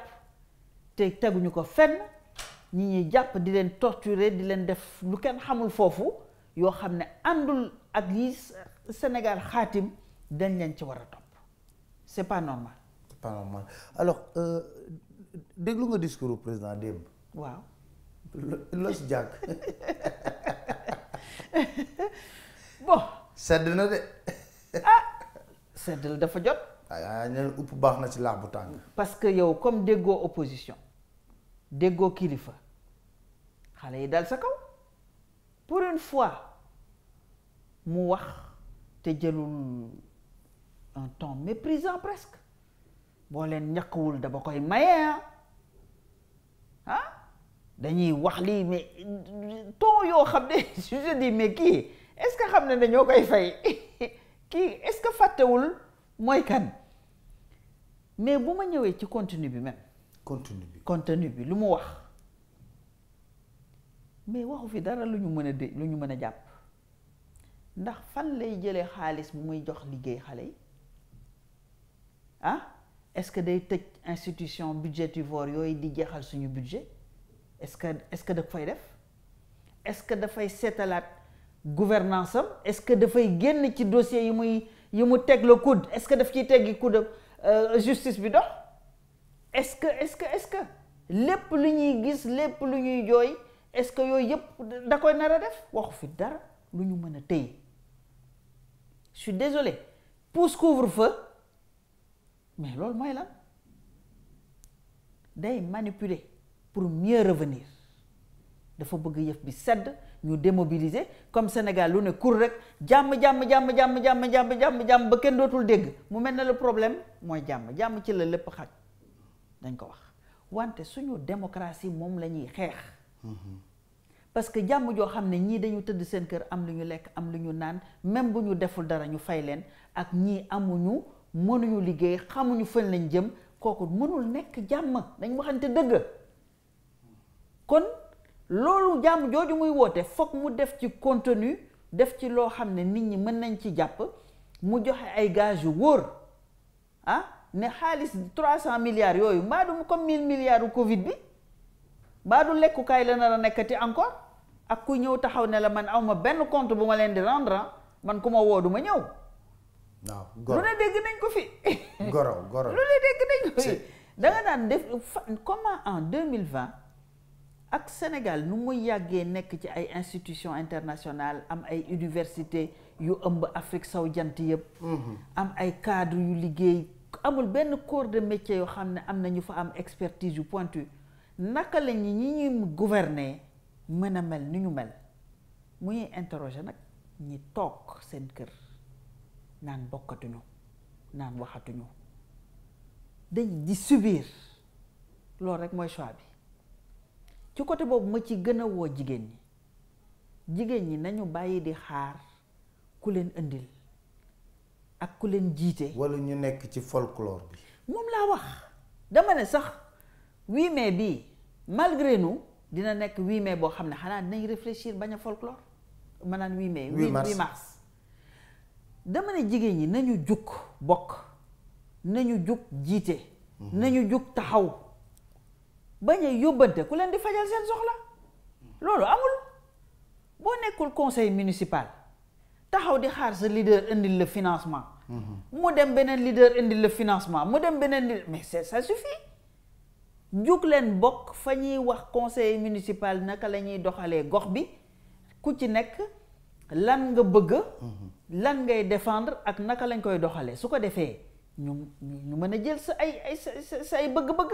te teguñu ko fen ñi ñuy jàpp di leen torturer di leen def lu kenn xamul foofu yoo xam ne àndul ak yi Sénégal xaatim dañ leen ci war a topp c'est pas normal. c'est pas normal alors euh, déglu nga discours président démb. waaw. los jàkk bon. sedd na de. ah sedd la dafa jot. parce que yow comme opposition dégo kilifa dal sa pour une fois mu wax te un temps méprisant presque Bo len da ba koy maye ah. Ah? dañuy wax mais ton yo xam je dis mais qui est-ce que xam koy est-ce que fatéwul? moy kan mais buma ñëwé ci contenu bi même. contenu bi contenu mais waxu fi dara lu ñu lu ñu j'app ndax fan lay muy jox ah? est-ce que day tej institution vor yoy di suñu budget est-ce que est-ce que da fay def est-ce que gouvernance est-ce que fay génn ci dossier yi mu teg le coude est-ce que daf ciy teggi coude euh, justice bi dox est-ce que est-ce que est-ce que lépp lu ñuy gis lépp lu ñuy jooy est-ce que yooyu yëpp da koy nar a def waxu fi dara lu ñu mën a téye je suis désolé pousse couvre-feu mais loolu mooy lan day manipuler pour mieux revenir dafa bëgg yëf bi sedd ñu démobiliser comme Sénégal lu ne rek jam jam jam jam jam jam jam jam ba kenn dootul dégg mu mel le problème moy jam jam ci la lepp xaj dañ ko wax wante suñu démocratie mom lañuy ñuy mhm. parce que jam jo xamné ñi dañu teud seen kër am lu lek am lu ñu naan même bu ñu deful dara ñu fay leen ak ñi amuñu mënuñu liggéey xamuñu fën lañ jëm kooku mënul nekk jam dañ waxante dëgg kon loolu jàmm jooju muy woote foog mu def ci contenu def ci loo xam ne nit ñi mën nañ ci jàpp mu joxe ay gage yu wóor ah ne xaalis trois cent milliards yooyu mbaa du comme mille milliards u Covid bi mbaa du lekkukaay la nar a nekkati encore ak ku ñëw taxaw ne la man aw ma benn compte bu ma leen di rendre man ku ma woodu ma ñëw. waaw goro lu ne dégg nañ ko fi. goro goro lu ne dégg nañ ko fi. da nga def comment en deux mille vingt ak Sénégal nu mu yàggee nekk ci ay institutions internationale am ay université yu ëmb Afrique saw jant yëpp mhm. am ay cadre yu liggéey amul benn corps de métier yoo xam ne am na ñu fa am expertise yu pointu naka la ñi ñi ñuy gouverner mën a mel ni ñu mel mu ñuy interroger nag ñi toog seen kër naan bokkatuñu naan waxatuñu dañ di subir loolu rek mooy choix bi ci côté boobu ma ci gën a woo jigéen ñi jigéen ñi nañu bàyyi di xaar ku leen indil ak ku leen jiite. walla ñu nekk ci folklore bi. moom laa wax dama ne sax 8 mai bi malgré nous dina nekk 8 mai boo xam ne xanaa dinañ réfléchir bañ a folklore ma naan wii mai. 8 mars 8 dama ne jigéen ñi nañu jug bokk nañu jug jiite. Mhm. nañu jug taxaw. bañ a yóbbante ku leen di fajal seen soxla loolu amul boo nekkul conseil municipal taxaw di xaar sa leader indil la financement mm-hmm. mu dem beneen leader indil la financement mu dem beneen leader mais c'est ça suffit jug leen bokk fa ñuy wax conseil municipal naka lañuy doxalee gox bi ku ci nekk lan nga bëgg mm-hmm. lan ngay defendre ak naka lañ koy doxalee su ko defee ñu ñu mën a jël sa ay ay sa sa ay bëgg-bëgg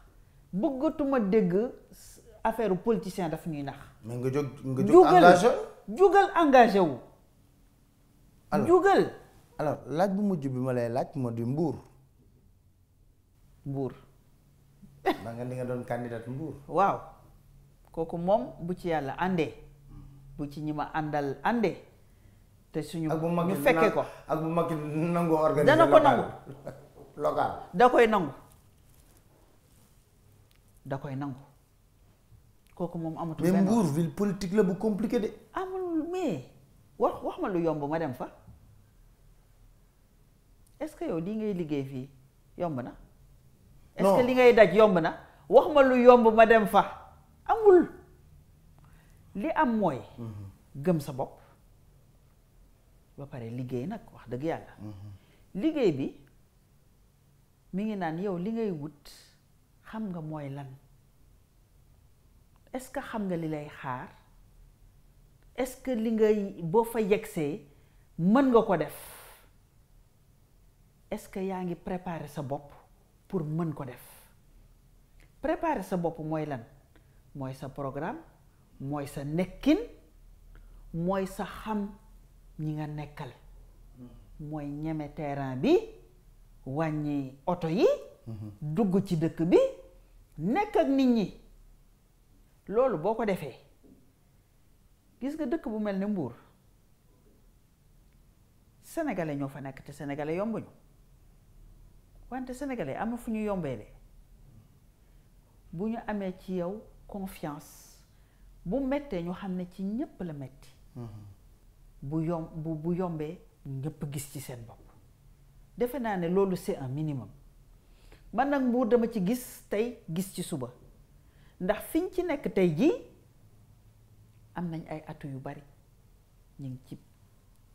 bëggatuma dégg affaire politicien daf ñuy nax. mais nga jóg nga jóg engagé engagé wu. alors jugal. alors laaj bu mujj bi ma lay laaj moo di mbuur Mbour. maa nga ni doon candidat mbuur waaw kooku moom bu ci yàlla àndee bu ci ñi ma àndal àndee te suñu. ñu fekkee ko ak bu mag nangoo organiser dana ko nangu local da koy nangu. da koy nangu kooku moom amatul benn mais Mbour ville la bu compliqué de. amul mais wax wax ma lu yomb ma dem fa est-ce que yow lii ngay liggéey fii yomb na. est li ngay daj yomb na wax ma lu yomb ma dem fa amul li am mooy. Mhm. gëm sa bopp ba pare liggéey nag wax dëgg yàlla. Mhm. liggéey bi mi ngi naan yow li ngay wut. xam nga mooy lan est ce que xam nga li lay xaar est ce que li ngay boo fa yegsee mën nga ko def est ce que yaa ngi préparer sa bopp pour mën ko def préparer sa bopp mooy lan mooy sa programme mooy sa nekkin mooy sa xam ñi nga nekkal mooy ñeme terrain bi wàññi oto yi mhm. dugg ci dëkk bi nek ak nit ñi loolu boo gis nga bu sénégalais ñoo fa nekk sénégalais yombuñu sénégalais am fu ñu ci yow confiance bu mettee ñu xam ne ci ñëpp la metti mm-hmm. bu ne c'est un minimum man nag mbuur dama ci gis tay gis ci suba ndax fiñ ci nekk tey jii am nañ ay atu yu bari ñu ngi ci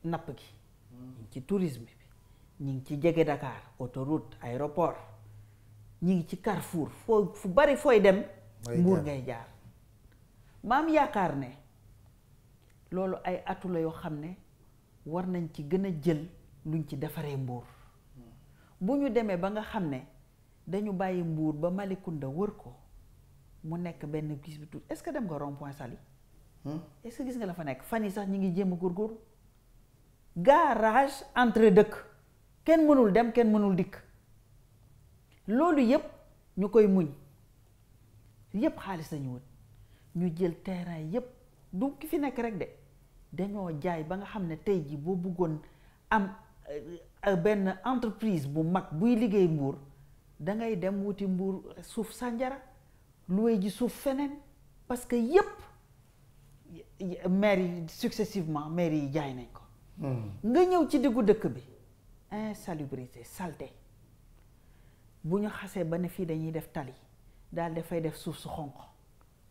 napp gi ñu ngi ci tourisme bi ngi ci Dakar autoroute aéroport ñu ngi ci Carrefour foo fu bari fooy dem mbuur ngay jaar maam yaakaar ne loolu ay atu la yoo xam war nañ ci gën jël luñ ci defaree ba nga dañu bàyyi mbuur ba Malicounda wër ko mu nekk benn gis bi tuut est-ce que dem nga rond-point Saly hmm? est-ce que gis nga la fa nekk fan yi sax ñi ngi jéem a góorgóorlu garage entre dëkk kenn mënul dem kenn mënul dikk loolu yépp ñu koy muñ yépp xaalis lañu wut ñu jël terrain yépp du ki fi nekk rek de dañoo jaay ba nga xam ne tey ji boo am euh, euh, benn entreprise bu mag buy liggéey mbuur dangay dem wuti mbuur suuf sànjara luwe ji suuf feneen parce que yépp maire yi successivement maire yi jaay nañ ko hmm. nga ñëw ci diggu dëkk bi insalubrité saleté bu ñu xasee ba ne fii dañuy def tali daal fay def suuf su xonq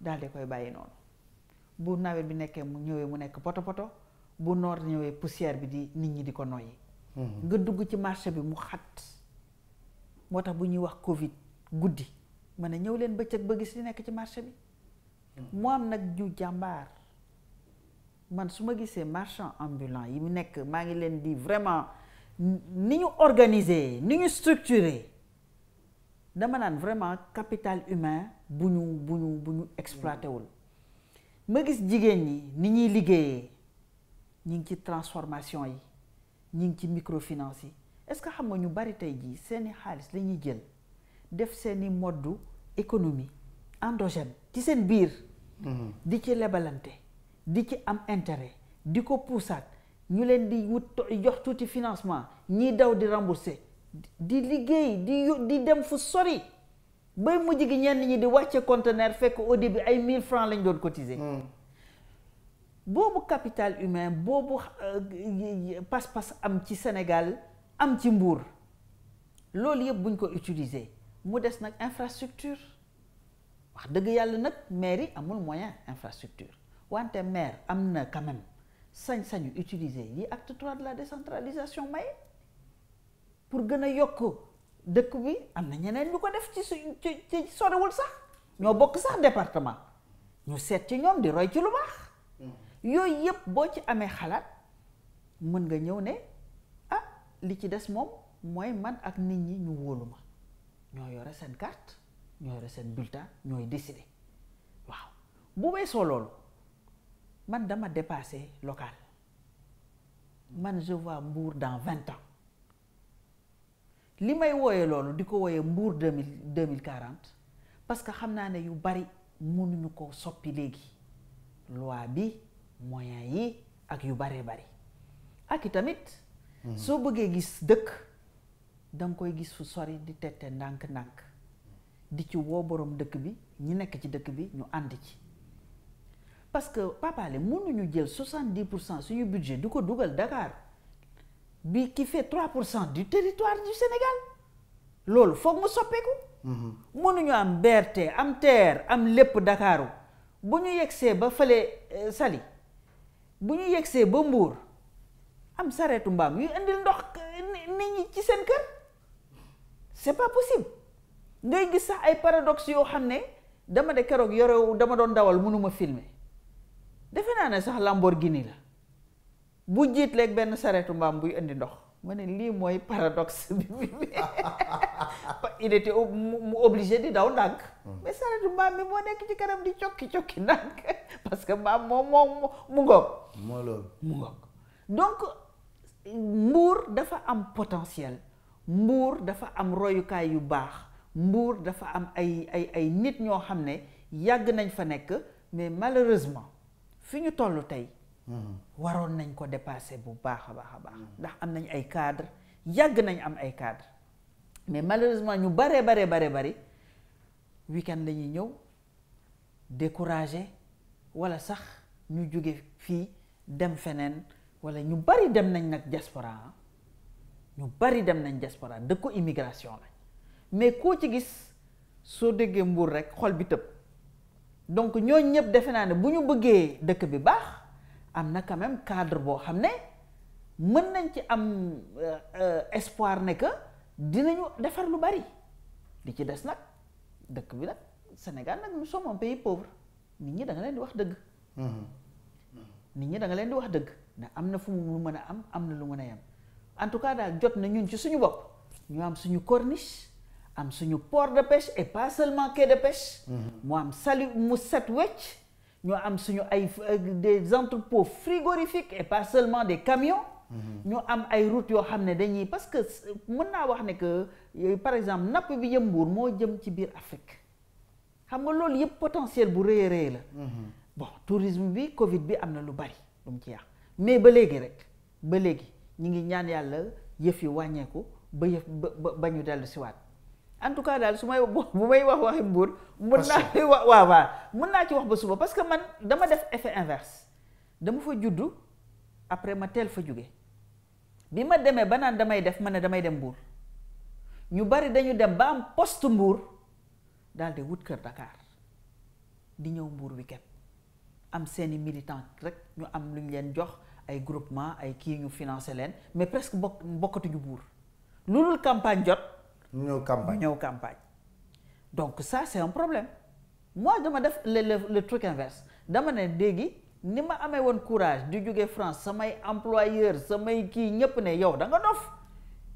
daal di koy bàyyi noonu bu nawet bi nekkee mu ñëwee mu nekk potopoto bu noor ñëwee poussière bi di nit ñi di ko noyyi hmm. nga dugg ci marché bi mu xat suis un Covid je ne leen li marché bi suis hmm. am ñu suis man marchand ambulant yi mu vraiment ni organiser dama vraiment capital humain pour buñu buñu Je wul ma gis jigen ni transformation yi ñi microfinance est-ce que xam nga ñu bari tey jii seeni xaalis jël def seeni moddu économie endogène ci seen biir. Mm-hmm. di ci lebalante di ci am intérêt di ko puusaat ñu leen di wut jox tuuti financement ñiy daw di rembourser di liggéey di di dem fu sori bay mujj gi ñenn ñi di wàcce conteneur au ay 1000 francs lañ doon cotiser. Mm. boobu capital humain boobu euh, pas-pas am ci Sénégal am ci mbuur loolu yëpp buñ ko utiliser mu des nag infrastructure wax dëgg yàlla nag mairie amul moyen infrastructure wante maire am na quand même sañ-sañu utiliser yi acte trois de la décentralisation may pour gën a yokk dëkk bi am na ñeneen ñu ko def ci su ci sorewul sax ñoo bokk sax département ñu seet ci ñoom di roy ci lu baax mm. yooyu yëpp boo ci amee xalaat mën nga ñëw ne li ci des moom mooy man ak nit ñi ñu wóolu ñoo yore seen carte ñoo yore seen bulletin ñooy décider waaw bu weesoo loolu man dama dépasé local man je vois Mbour dans vingt ans li may wooyee loolu di ko wooyee Mbour deux mille deux mille quarante parce que xam naa ne yu bari mënuñu ko soppi léegi loi bi moyen yi ak yu baree bari ak i soo bëggee gis dëkk danga koy gis fu sori di tete ndànk-ndànk di ci woo borom dëkk bi ñu nekk ci dëkk bi ñu ànd ci parce que papale mënuñu jël soixante pour cent suñu budget du ko dugal Dakar bi qui fait trois pour cent du territoire du Sénégal loolu foog mu soppeeku mhm. mënuñu am berte am TER am lépp Dakaaru bu ñu yegsee ba fële euh, sali bu ñu yegsee ba Mbour am sare mbaam yu indil ndox nit ñi ci seen kër c'est pas possible ngay gis sax ay paradoxe yoo xam ne dama de keroog yorewu dama doon dawal mënuma filmer defe naa ne sax Lamborghini la bu jiit leeg benn sareetu mbaam buy indi ndox ma ne lii mooy paradoxe bi il était mu obligé di daw ndànk hmm. mais sareetu mbaam mi moo nekk ci kanam di cokki cokki ndànk parce que mbaam moom moom mu ngoog moo loolu mu ngoog donc mbour dafa am potentiel mbour dafa am royukaay yu baax mbour dafa am ay ay ay nit ñoo xam ne yàgg nañ fa nekk mais malheureusement fi ñu toll tey mm-hmm. waroon nañ ko dépasser bu baax a baax a baax ndax am nañ ay cadre yàgg nañ am ay cadre mais malheureusement ñu bare bare bare bari weekend dañuy ñëw découragé wala sax ñu jóge fii dem feneen wala ñu bari dem nañ nag diaspora ñu bari dem nañ diaspora dëkku immigration la mais koo ci gis soo déggee mbuur rek xol bi tëb donc ñooñ ñëpp defe naa ne bu ñu bëggee dëkk bi baax am na quand cadre boo xam ne mën nañ ci am euh, euh, espoir ne que dinañu defar lu bari li ci des nag dëkk bi nag Sénégal nag nous sommes un pays nit ñi da leen di wax dëgg. Mm-hmm. nit ñi danga leen di wax dëgg. ndax am na fu mu mën a am am na lu mën a yem en tout cas daal jot na ñun ci suñu bopp ñu am suñu corniche am suñu port de pêche et pas seulement quai de pêche mhm. mu am salu mu set wecc ñu am suñu ay euh, des entrepôts frigorifiques et pas seulement des camions mhm. ñu am ay routes yoo xam ne dañuy parce que mën naa wax ne que euh, par exemple napp bi jëm Mbuur moo jëm ci biir Afrique xam nga loolu yëpp potentiel bu rëy a rëy la mhm. bon tourisme bi Covid bi am na lu bari lu mu ci yàq mais ba léegi rek ba léegi ñu ngi ñaan yàlla yëf yi wàññeeku ba yëf ba ba ñu dellu si waat en tout cas daal su may bu may wax waxi mbuur mun naa ci wax waaw waaw ci wax ba suba parce que man dama def effet inverse dama fa juddu après ma teel fa jóge bi ma ba damay def ma damay dem mbuur ñu bari dañu dem ba am poste di wut kër Dakar di weekend Nous seeni militant rek ñu am lu jox ay groupement ay ñu mais presque campagne jot. ñëw campagne campagne. donc ça c'est un problème moi je def le le truc inverse dama ne que je ma le courage di jóge France samay employeur samay ki ñëpp né yow da nga dof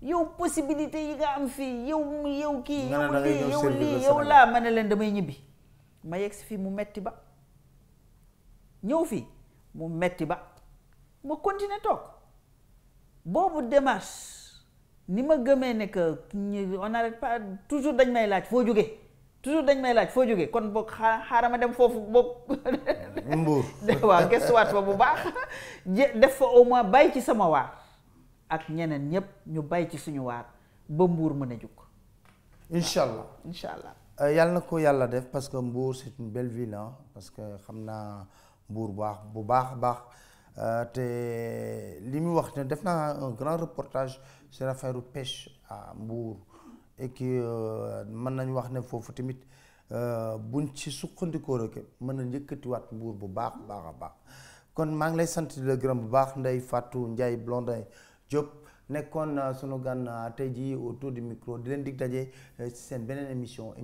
yow possibilité yi nga am fi yow yow ki yow lii yow il y leen mu metti ba ñëw fi mu metti ba ma continuer tok boobu démarche ni ma gëmee ne que on arrête pas toujours dañ may laaj foo jóge toujours dañ may laaj foo jóge kon boog xaaral dem foofu boog. mbuur waaw gëstuwaat fa bu baax. def fa au moins bay ci sama waar ak ñeneen ñëpp ñu bay ci suñu waar ba mbuur mën a jóg. incha allah incha allah. Euh, yàlla na ko yàlla def parce que Mbour c'est une belle ville hein, parce que xam naa buur baax bu euh, un grand reportage sur affaire pêche à Bour, et que euh, mën nañu wax ne foofu tamit euh, buñ ci suqandikoo rek mën na njëkkatiwaat bu baax baax a baax kon maa ngi sant di la bu Fatou Ndiaye Blondin Diop nekkoon sunu gan tey autour du micro di émission